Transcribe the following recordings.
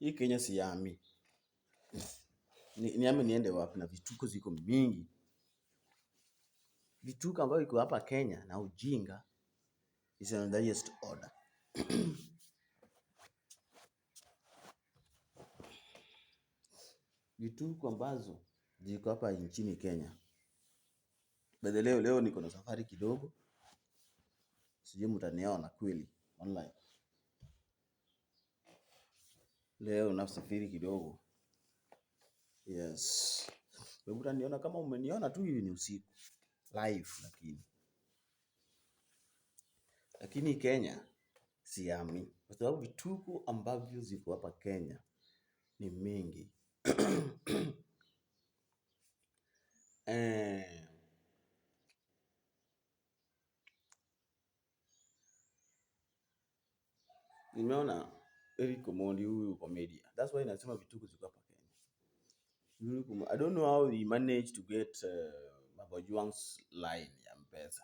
Hii Kenya yami. ni, niame niende wapi na vituko ziko mingi. Vituko ambavyo iko hapa Kenya na ujinga is the highest order. Vituko ambazo ziko hapa nchini Kenya. Baada leo leo niko na safari kidogo, sijui mtaniona kweli online leo nasafiri kidogo. Yes, utaniona kama umeniona tu, hivi ni usiku live, lakini lakini Kenya siami, kwa sababu vituko ambavyo ziko hapa Kenya ni mingi eh. Nimeona Eric Omondi huyu comedian. That's why nasema vituko ziko hapa Kenya. I don't know how he managed to get uh, Juang's line ya Mpesa.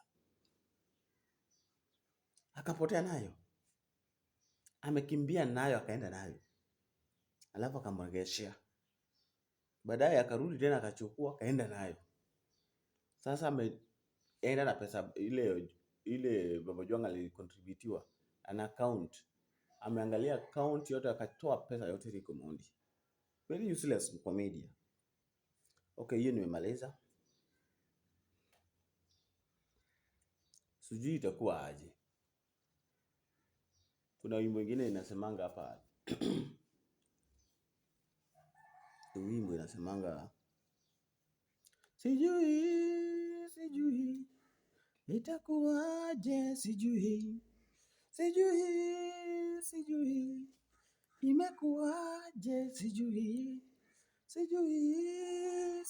Akapotea nayo. Amekimbia nayo akaenda nayo. Alafu akamregeshea. Baadaye akarudi tena akachukua akaenda nayo. Sasa ameenda na pesa ile ile Baba Babajuang alikontributiwa an account ameangalia account yote akatoa pesa yote ile Gomond. Very useless kwa media. Okay, hiyo nimemaliza. Sijui itakuwa aje. Kuna wimbo mwingine inasemanga hapa wimbo inasemanga sijui, sijui itakuwaje, sijui Sijui, sijui imekuwaje, sijui, sijui,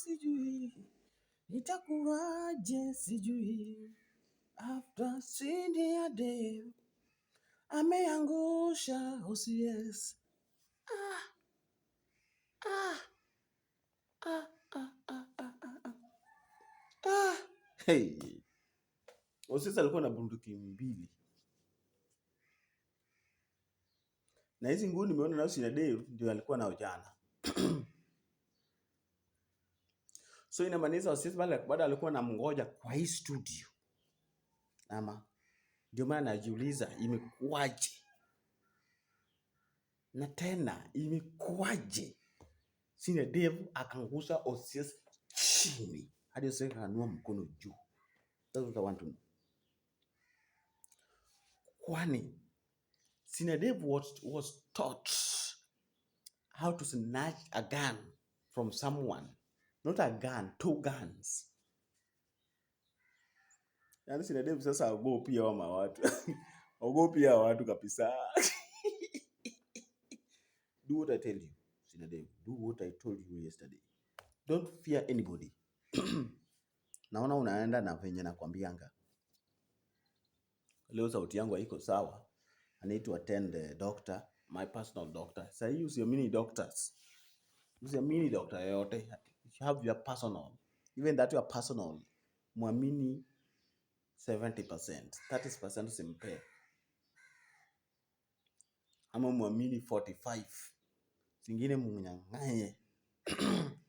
sijui itakuwaje, sijui after sindi ya day ameangusha OCS. Ah, ah, ah, ah, ah, ah, ah, ah. ah. Hey, OCS alikuwa na bunduki mbili. na hizi nguo nimeona nayo sina Dave ndio alikuwa nao jana. So inamaanisha wasisi wale bado alikuwa namngoja kwa hii studio. Ama ndio maana najiuliza imekuwaje? Na tena imekuwaje? Sina Dave akangusa Osis chini hadi Osis akainua mkono juu. That's what I want to know. Kwani Sinadev was, was taught how to snatch a gun from someone, not a gun, two guns. Yani Sinadev sasa agopi hao watu agopi hao watu kabisa. Do what I tell you, Sinadev. Do what I told you yesterday. Don't fear anybody. Naona unaenda na venye nakwambianga. Leo sauti yangu haiko sawa anaitwa attend the doctor, my personal doctor. Sasa hii usiamini doctors. Usiamini doctor yoyote. You have your personal. Even that your personal. Muamini 70%. 30% usimpe. Ama muamini 45. Zingine mumnyang'anye.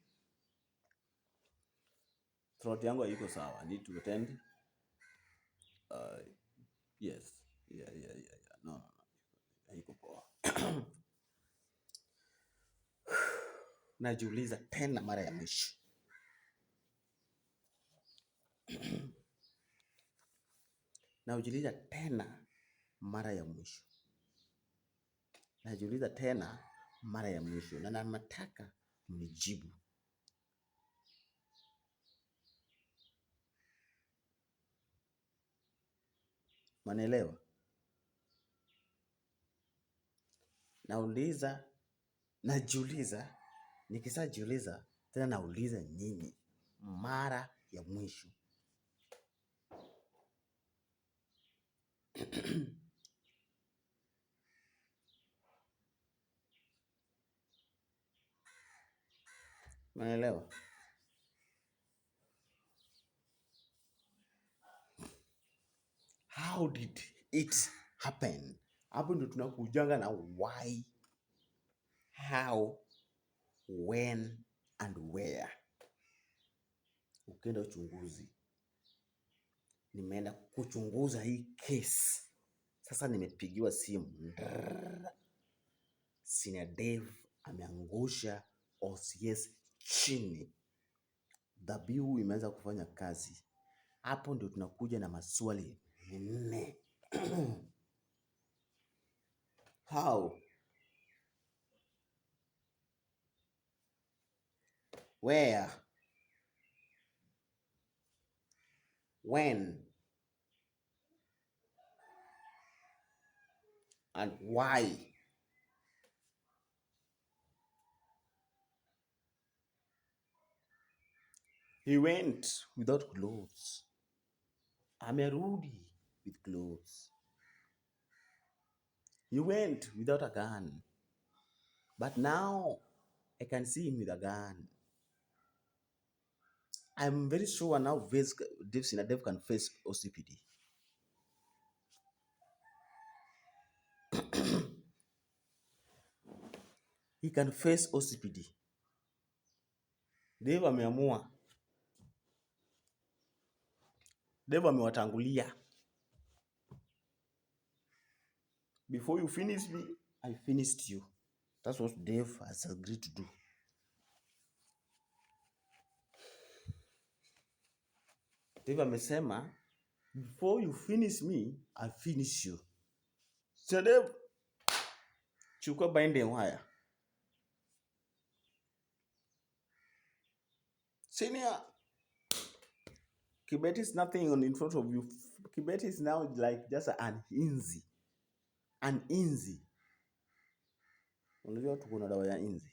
Throat yangu haiko sawa. Need to attend. Uh, yes. Yeah, yeah, yeah no, no, haiko poa. Najiuliza tena mara ya mwisho najiuliza tena mara ya mwisho najiuliza tena mara ya mwisho, na nataka mnijibu. Manaelewa? nauliza, najiuliza, nikisajiuliza tena nauliza nyinyi mara ya mwisho Unaelewa? How did it happen? Hapo ndio tunakujanga na why, how, when and where. Ukienda uchunguzi, nimeenda kuchunguza hii case. sasa, nimepigiwa simu Sina dev ameangusha OCS chini, dhabihu imeanza kufanya kazi. Hapo ndio tunakuja na maswali nne How? Where? When? And why? He went without clothes. I'm a Rudy with clothes. He went without a gun. But now I can see him with a gun. I'm very sure now Dev Sinadev can face OCPD. He can face OCPD. Dev ameamua. Dev amewatangulia. Before you finish me, I finished you. That's what Dave has agreed to do. Dave amesema before you finish me, I finish you. So Dave, chukua binding wire. Senior, Kibet is nothing on in front of you. Kibet is now like just an inzi an inzi. Unajua watu kuna dawa ya inzi,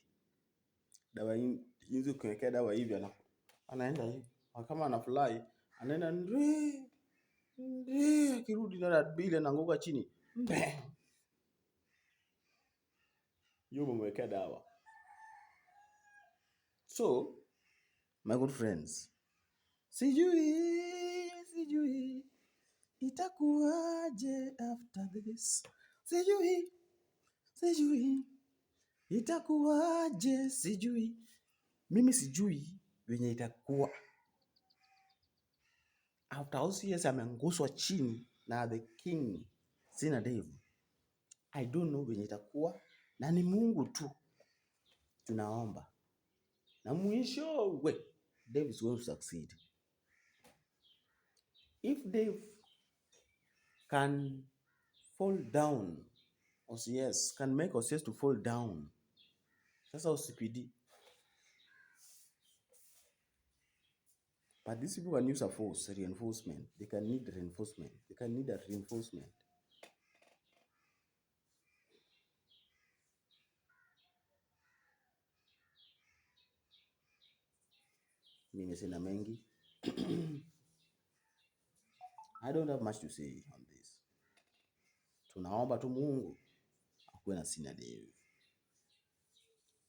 dawa ya inzi ukiwekea dawa hivi ana, anaenda hivi kama anafurahi anaenda ndri ndri, akirudi na bili anaanguka chini. Yule umemwekea dawa. So my good friends, sijui sijui itakuwaje after this sijui, sijui itakuwaje, sijui mimi, sijui venye itakuwa. After all years amenguswa chini na the king, sina ndevu. I don't know venye itakuwa, na ni Mungu tu tunaomba, na mwishowe Dave is going to succeed if Dave can fall down OCS can make OCS to fall down. That's Sasa C P D. But these people can use a force, a reinforcement. They can need reinforcement. They can need a reinforcement. I don't have much to say on Tunaomba tu Mungu akuwe na sina leo.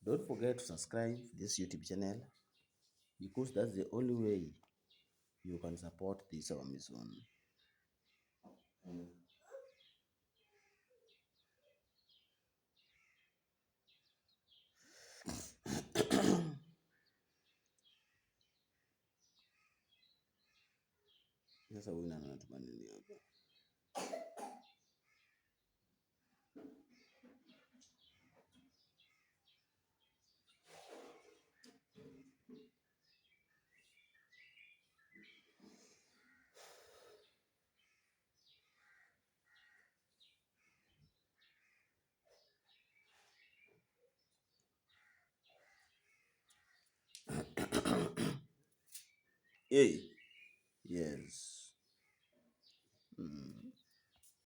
Don't forget to subscribe this YouTube channel because that's the only way you can support this our mission. Sasa wewe unanitumania hapa? E aí?